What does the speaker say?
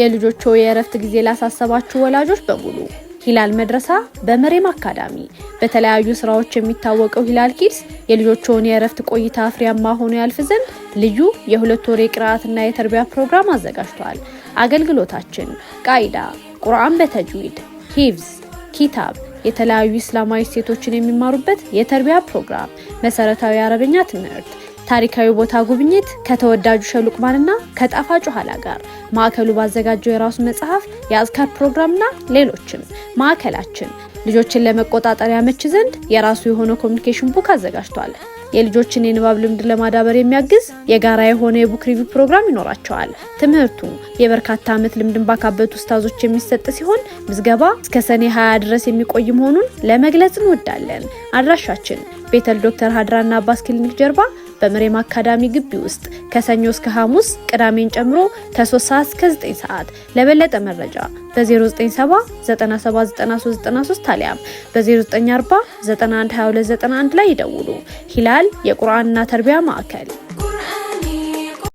የልጆቹ የእረፍት ጊዜ ላሳሰባችሁ ወላጆች በሙሉ ሂላል መድረሳ በመሬም አካዳሚ በተለያዩ ስራዎች የሚታወቀው ሂላል ኪድስ የልጆችውን የእረፍት ቆይታ ፍሬያማ ሆኖ ያልፍ ዘንድ ልዩ የሁለት ወር የቅርአትና የተርቢያ ፕሮግራም አዘጋጅቷል። አገልግሎታችን ቃይዳ፣ ቁርአን በተጅዊድ ሂቭዝ ኪታብ የተለያዩ እስላማዊ ሴቶችን የሚማሩበት የተርቢያ ፕሮግራም፣ መሰረታዊ አረብኛ ትምህርት ታሪካዊ ቦታ ጉብኝት ከተወዳጁ ሸሉቅማንና ሉቅማንና ከጣፋጩ ኋላ ጋር ማዕከሉ ባዘጋጀው የራሱ መጽሐፍ፣ የአዝካር ፕሮግራምና ሌሎችም ማዕከላችን ልጆችን ለመቆጣጠር ያመች ዘንድ የራሱ የሆነ ኮሚኒኬሽን ቡክ አዘጋጅቷል። የልጆችን የንባብ ልምድ ለማዳበር የሚያግዝ የጋራ የሆነ የቡክ ሪቪው ፕሮግራም ይኖራቸዋል። ትምህርቱ የበርካታ ዓመት ልምድን ባካበቱ ውስታዞች የሚሰጥ ሲሆን ምዝገባ እስከ ሰኔ 20 ድረስ የሚቆይ መሆኑን ለመግለጽ እንወዳለን። አድራሻችን ቤተል ዶክተር ሀድራና አባስ ክሊኒክ ጀርባ በመሬማ አካዳሚ ግቢ ውስጥ ከሰኞ እስከ ሐሙስ ቅዳሜን ጨምሮ ከ3 ሰዓት እስከ 9 ሰዓት። ለበለጠ መረጃ በ0979799393 አሊያም በ0940912291 ላይ ይደውሉ። ሂላል የቁርአንና ተርቢያ ማዕከል